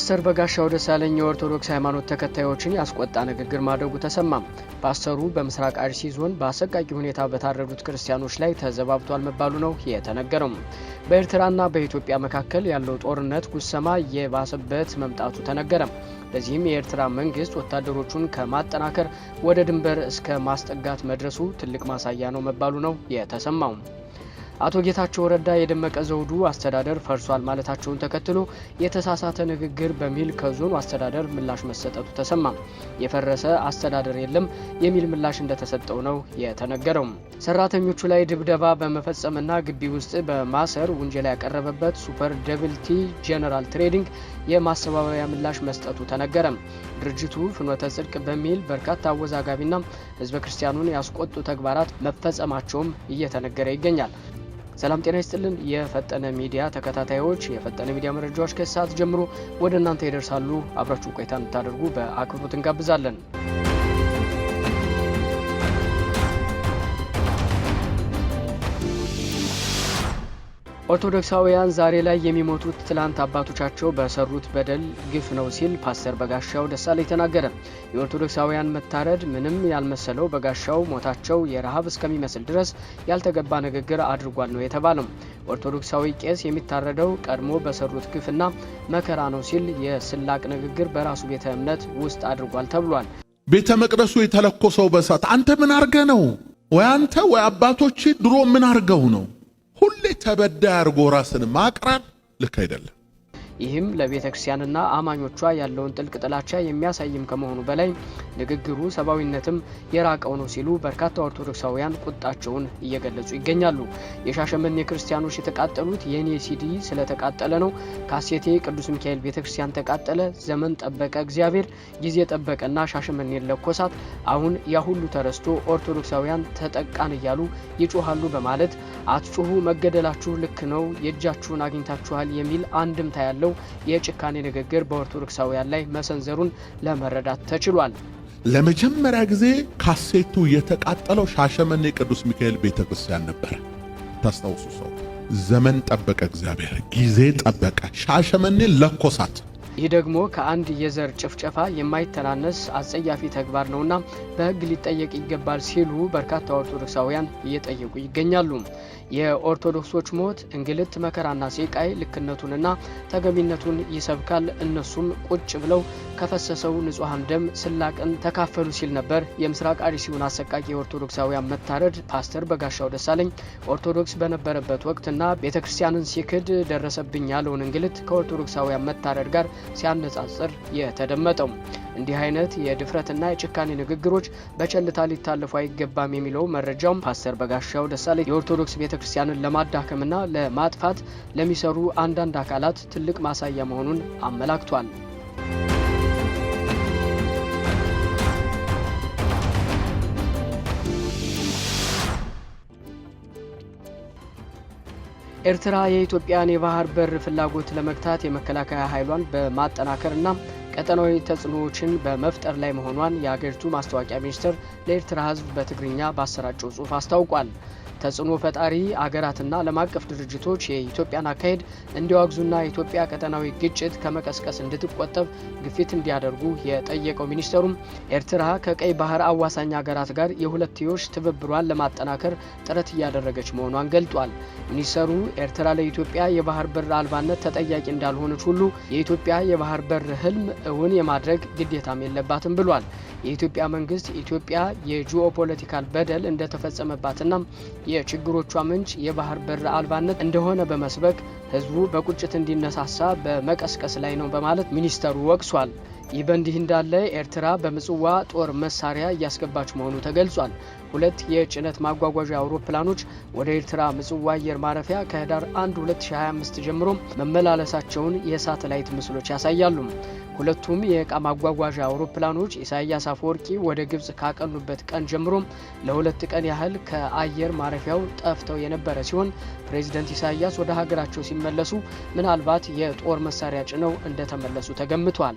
ፓስተር በጋሻው ደሳለኝ የኦርቶዶክስ ሃይማኖት ተከታዮችን ያስቆጣ ንግግር ማድረጉ ተሰማም። ፓስተሩ በምስራቅ አርሲ ዞን በአሰቃቂ ሁኔታ በታረዱት ክርስቲያኖች ላይ ተዘባብቷል መባሉ ነው የተነገረው። በኤርትራና በኢትዮጵያ መካከል ያለው ጦርነት ጉሰማ የባሰበት መምጣቱ ተነገረ። ለዚህም የኤርትራ መንግስት ወታደሮቹን ከማጠናከር ወደ ድንበር እስከ ማስጠጋት መድረሱ ትልቅ ማሳያ ነው መባሉ ነው የተሰማው። አቶ ጌታቸው ረዳ የደመቀ ዘውዱ አስተዳደር ፈርሷል ማለታቸውን ተከትሎ የተሳሳተ ንግግር በሚል ከዞኑ አስተዳደር ምላሽ መሰጠቱ ተሰማ። የፈረሰ አስተዳደር የለም የሚል ምላሽ እንደተሰጠው ነው የተነገረው። ሰራተኞቹ ላይ ድብደባ በመፈጸምና ግቢ ውስጥ በማሰር ውንጀላ ያቀረበበት ሱፐር ደብልቲ ጄኔራል ትሬዲንግ የማስተባበያ ምላሽ መስጠቱ ተነገረ። ድርጅቱ ፍኖተ ጽድቅ በሚል በርካታ አወዛጋቢና ህዝበ ክርስቲያኑን ያስቆጡ ተግባራት መፈጸማቸውም እየተነገረ ይገኛል። ሰላም ጤና ይስጥልን የፈጠነ ሚዲያ ተከታታዮች፣ የፈጠነ ሚዲያ መረጃዎች ከሰዓት ጀምሮ ወደ እናንተ ይደርሳሉ። አብራችሁ ቆይታ እንድታደርጉ በአክብሮት እንጋብዛለን። ኦርቶዶክሳውያን ዛሬ ላይ የሚሞቱት ትላንት አባቶቻቸው በሰሩት በደል ግፍ ነው ሲል ፓስተር በጋሻው ደሳለኝ ተናገረ። የኦርቶዶክሳውያን መታረድ ምንም ያልመሰለው በጋሻው ሞታቸው የረሃብ እስከሚመስል ድረስ ያልተገባ ንግግር አድርጓል ነው የተባለው። ኦርቶዶክሳዊ ቄስ የሚታረደው ቀድሞ በሰሩት ግፍና መከራ ነው ሲል የስላቅ ንግግር በራሱ ቤተ እምነት ውስጥ አድርጓል ተብሏል። ቤተ መቅደሱ የተለኮሰው በእሳት አንተ ምን አርገ ነው? ወይ አንተ ወይ አባቶች ድሮ ምን አርገው ነው? ሁሌ ተበዳይ አድርጎ ራስን ማቅረብ ልክ አይደለም። ይህም ለቤተ ክርስቲያንና አማኞቿ ያለውን ጥልቅ ጥላቻ የሚያሳይም ከመሆኑ በላይ ንግግሩ ሰብአዊነትም የራቀው ነው ሲሉ በርካታ ኦርቶዶክሳውያን ቁጣቸውን እየገለጹ ይገኛሉ። የሻሸመኔ ክርስቲያኖች የተቃጠሉት የኔ ሲዲ ስለተቃጠለ ነው፣ ካሴቴ ቅዱስ ሚካኤል ቤተ ክርስቲያን ተቃጠለ፣ ዘመን ጠበቀ እግዚአብሔር፣ ጊዜ ጠበቀና ሻሸመኔን ለኮሳት፣ አሁን ያሁሉ ተረስቶ ኦርቶዶክሳውያን ተጠቃን እያሉ ይጮሃሉ በማለት አትጩሁ፣ መገደላችሁ ልክ ነው፣ የእጃችሁን አግኝታችኋል የሚል አንድምታ ያለው የነበረው የጭካኔ ንግግር በኦርቶዶክሳውያን ላይ መሰንዘሩን ለመረዳት ተችሏል። ለመጀመሪያ ጊዜ ካሴቱ የተቃጠለው ሻሸመኔ ቅዱስ ሚካኤል ቤተ ክርስቲያን ነበር። ታስታውሱ ሰው ዘመን ጠበቀ፣ እግዚአብሔር ጊዜ ጠበቀ። ሻሸመኔ ለኮሳት ይህ ደግሞ ከአንድ የዘር ጭፍጨፋ የማይተናነስ አጸያፊ ተግባር ነውና በሕግ ሊጠየቅ ይገባል ሲሉ በርካታ ኦርቶዶክሳውያን እየጠየቁ ይገኛሉ። የኦርቶዶክሶች ሞት፣ እንግልት፣ መከራና ሴቃይ ልክነቱንና ተገቢነቱን ይሰብካል። እነሱም ቁጭ ብለው ከፈሰሰው ንጹሐን ደም ስላቅን ተካፈሉ ሲል ነበር የምስራቅ አርሲውን አሰቃቂ የኦርቶዶክሳውያን መታረድ ፓስተር በጋሻው ደሳለኝ ኦርቶዶክስ በነበረበት ወቅትና ቤተ ክርስቲያንን ሲክድ ደረሰብኝ ያለውን እንግልት ከኦርቶዶክሳውያን መታረድ ጋር ሲያነጻጽር የተደመጠው። እንዲህ አይነት የድፍረትና የጭካኔ ንግግሮች በቸልታ ሊታለፉ አይገባም የሚለው መረጃውም ፓስተር በጋሻው ደሳሌ የኦርቶዶክስ ቤተ ክርስቲያንን ለማዳከምና ለማጥፋት ለሚሰሩ አንዳንድ አካላት ትልቅ ማሳያ መሆኑን አመላክቷል። ኤርትራ የኢትዮጵያን የባህር በር ፍላጎት ለመግታት የመከላከያ ኃይሏን በማጠናከርና ቀጠናዊ ተጽዕኖዎችን በመፍጠር ላይ መሆኗን የአገሪቱ ማስታወቂያ ሚኒስቴር ለኤርትራ ሕዝብ በትግርኛ ባሰራጨው ጽሑፍ አስታውቋል። ተጽዕኖ ፈጣሪ አገራትና ዓለም አቀፍ ድርጅቶች የኢትዮጵያን አካሄድ እንዲያወግዙና የኢትዮጵያ ቀጠናዊ ግጭት ከመቀስቀስ እንድትቆጠብ ግፊት እንዲያደርጉ የጠየቀው ሚኒስተሩም ኤርትራ ከቀይ ባህር አዋሳኝ አገራት ጋር የሁለትዮሽ ትብብሯን ለማጠናከር ጥረት እያደረገች መሆኗን ገልጧል። ሚኒስተሩ ኤርትራ ለኢትዮጵያ የባህር በር አልባነት ተጠያቂ እንዳልሆነች ሁሉ የኢትዮጵያ የባህር በር ህልም እውን የማድረግ ግዴታም የለባትም ብሏል። የኢትዮጵያ መንግስት ኢትዮጵያ የጂኦፖለቲካል በደል እንደተፈጸመባትና የችግሮቿ ምንጭ የባህር በር አልባነት እንደሆነ በመስበክ ህዝቡ በቁጭት እንዲነሳሳ በመቀስቀስ ላይ ነው በማለት ሚኒስተሩ ወቅሷል። ይህ በእንዲህ እንዳለ ኤርትራ በምጽዋ ጦር መሳሪያ እያስገባች መሆኑ ተገልጿል። ሁለት የጭነት ማጓጓዣ አውሮፕላኖች ወደ ኤርትራ ምጽዋ አየር ማረፊያ ከህዳር 1 2025 ጀምሮ መመላለሳቸውን የሳተላይት ምስሎች ያሳያሉ። ሁለቱም የእቃ ማጓጓዣ አውሮፕላኖች ኢሳያስ አፈወርቂ ወደ ግብጽ ካቀኑበት ቀን ጀምሮ ለሁለት ቀን ያህል ከአየር ማረፊያው ጠፍተው የነበረ ሲሆን ፕሬዚደንት ኢሳያስ ወደ ሀገራቸው ሲመለሱ ምናልባት የጦር መሳሪያ ጭነው እንደተመለሱ ተገምቷል።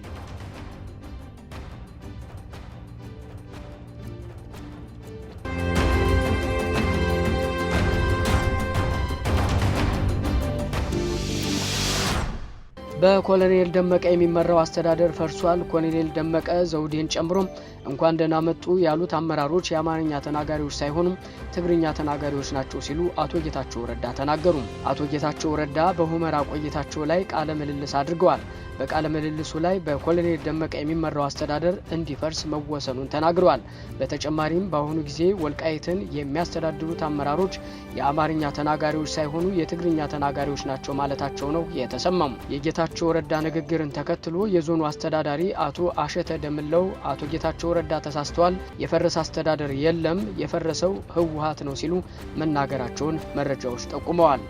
በኮሎኔል ደመቀ የሚመራው አስተዳደር ፈርሷል። ኮሎኔል ደመቀ ዘውዴን ጨምሮ እንኳን ደህና መጡ ያሉት አመራሮች የአማርኛ ተናጋሪዎች ሳይሆኑም ትግርኛ ተናጋሪዎች ናቸው ሲሉ አቶ ጌታቸው ረዳ ተናገሩ። አቶ ጌታቸው ረዳ በሁመራ ቆይታቸው ላይ ቃለ ምልልስ አድርገዋል። በቃለ ምልልሱ ላይ በኮሎኔል ደመቀ የሚመራው አስተዳደር እንዲፈርስ መወሰኑን ተናግረዋል። በተጨማሪም በአሁኑ ጊዜ ወልቃይትን የሚያስተዳድሩት አመራሮች የአማርኛ ተናጋሪዎች ሳይሆኑ የትግርኛ ተናጋሪዎች ናቸው ማለታቸው ነው የተሰማሙ የጌታ ጌታቸው ረዳ ንግግርን ተከትሎ የዞኑ አስተዳዳሪ አቶ አሸተ ደምለው አቶ ጌታቸው ረዳ ተሳስተዋል፣ የፈረሰ አስተዳደር የለም፣ የፈረሰው ህወሀት ነው ሲሉ መናገራቸውን መረጃዎች ጠቁመዋል።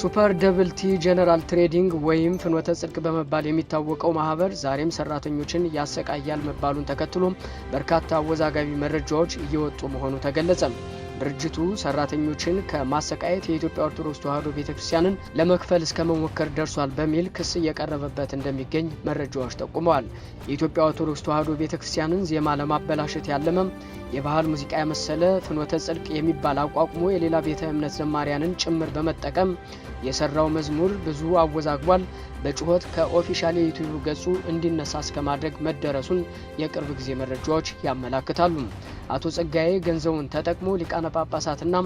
ሱፐር ደብል ቲ ጀነራል ትሬዲንግ ወይም ፍኖተ ጽድቅ በመባል የሚታወቀው ማህበር ዛሬም ሰራተኞችን ያሰቃያል መባሉን ተከትሎም በርካታ አወዛጋቢ መረጃዎች እየወጡ መሆኑ ተገለጸ። ድርጅቱ ሰራተኞችን ከማሰቃየት የኢትዮጵያ ኦርቶዶክስ ተዋሕዶ ቤተ ክርስቲያንን ለመክፈል እስከ መሞከር ደርሷል በሚል ክስ እየቀረበበት እንደሚገኝ መረጃዎች ጠቁመዋል። የኢትዮጵያ ኦርቶዶክስ ተዋሕዶ ቤተ ክርስቲያንን ዜማ ለማበላሸት ያለመም የባህል ሙዚቃ የመሰለ ፍኖተ ጽድቅ የሚባል አቋቁሞ የሌላ ቤተ እምነት ዘማሪያንን ጭምር በመጠቀም የሰራው መዝሙር ብዙ አወዛግቧል። በጩኸት ከኦፊሻል የዩቲዩብ ገጹ እንዲነሳ እስከ ማድረግ መደረሱን የቅርብ ጊዜ መረጃዎች ያመላክታሉ። አቶ ጸጋዬ ገንዘቡን ተጠቅሞ ሊቃነ ጳጳሳትና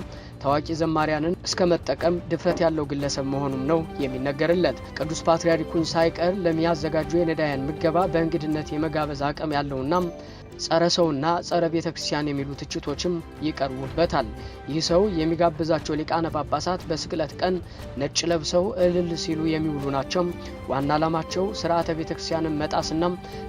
ታዋቂ ዘማሪያንን እስከ መጠቀም ድፍረት ያለው ግለሰብ መሆኑም ነው የሚነገርለት። ቅዱስ ፓትርያርኩን ሳይቀር ለሚያዘጋጁ የነዳያን ምገባ በእንግድነት የመጋበዝ አቅም ያለውና ጸረ ሰውና ጸረ ቤተ ክርስቲያን የሚሉ ትችቶችም ይቀርቡበታል። ይህ ሰው የሚጋብዛቸው ሊቃነ ጳጳሳት በስቅለት ቀን ነጭ ለብሰው እልል ሲሉ የሚውሉ ናቸው። ዋና ዓላማቸው ስርዓተ ቤተ ክርስቲያንን መጣስና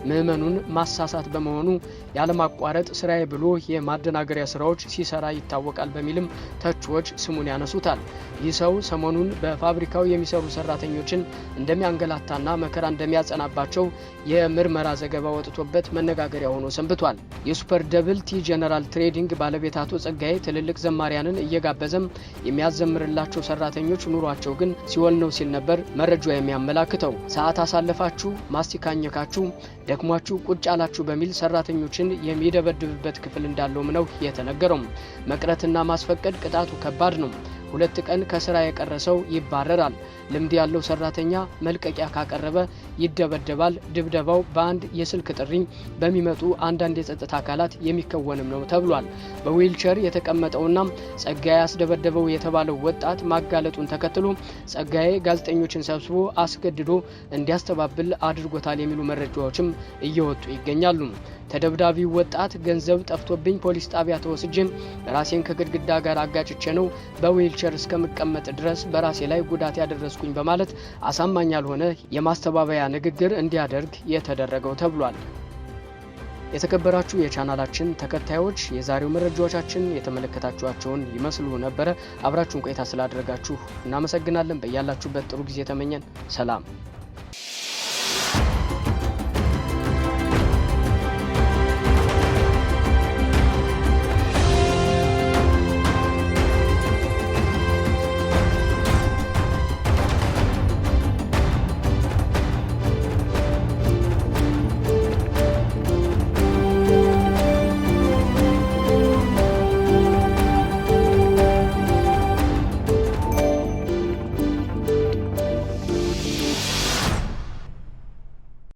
ምዕመኑን ማሳሳት በመሆኑ ያለማቋረጥ ስራዬ ብሎ የማደናገሪያ ስራዎች ሲሰራ ይታወቃል በሚልም ተቺዎች ስሙን ያነሱታል። ይህ ሰው ሰሞኑን በፋብሪካው የሚሰሩ ሰራተኞችን እንደሚያንገላታና መከራ እንደሚያጸናባቸው የምርመራ ዘገባ ወጥቶበት መነጋገሪያ ሆኖ ሰንብቷል። ሰንብቷል። የሱፐር ደብል ቲ ጀነራል ትሬዲንግ ባለቤት አቶ ጸጋዬ ትልልቅ ዘማሪያንን እየጋበዘም የሚያዘምርላቸው ሰራተኞች ኑሯቸው ግን ሲወል ነው ሲል ነበር መረጃ የሚያመላክተው። ሰዓት አሳለፋችሁ፣ ማስቲካኘካችሁ፣ ደክሟችሁ ቁጭ አላችሁ በሚል ሰራተኞችን የሚደበድብበት ክፍል እንዳለውም ነው የተነገረውም። መቅረትና ማስፈቀድ ቅጣቱ ከባድ ነው። ሁለት ቀን ከስራ የቀረ ሰው ይባረራል። ልምድ ያለው ሰራተኛ መልቀቂያ ካቀረበ ይደበደባል። ድብደባው በአንድ የስልክ ጥሪ በሚመጡ አንዳንድ የጸጥታ አካላት የሚከወንም ነው ተብሏል። በዊልቸር የተቀመጠውና ጸጋዬ አስደበደበው የተባለው ወጣት ማጋለጡን ተከትሎ ጸጋዬ ጋዜጠኞችን ሰብስቦ አስገድዶ እንዲያስተባብል አድርጎታል የሚሉ መረጃዎችም እየወጡ ይገኛሉ። ተደብዳቢው ወጣት ገንዘብ ጠፍቶብኝ ፖሊስ ጣቢያ ተወስጅን ራሴን ከግድግዳ ጋር አጋጭቼ ነው በዊልቸር እስከምቀመጥ ድረስ በራሴ ላይ ጉዳት ያደረስኩኝ በማለት አሳማኝ ያልሆነ የማስተባበያ ንግግር እንዲያደርግ የተደረገው ተብሏል። የተከበራችሁ የቻናላችን ተከታዮች የዛሬው መረጃዎቻችን የተመለከታችኋቸውን ይመስሉ ነበረ። አብራችሁን ቆይታ ስላደረጋችሁ እናመሰግናለን። በያላችሁበት ጥሩ ጊዜ ተመኘን። ሰላም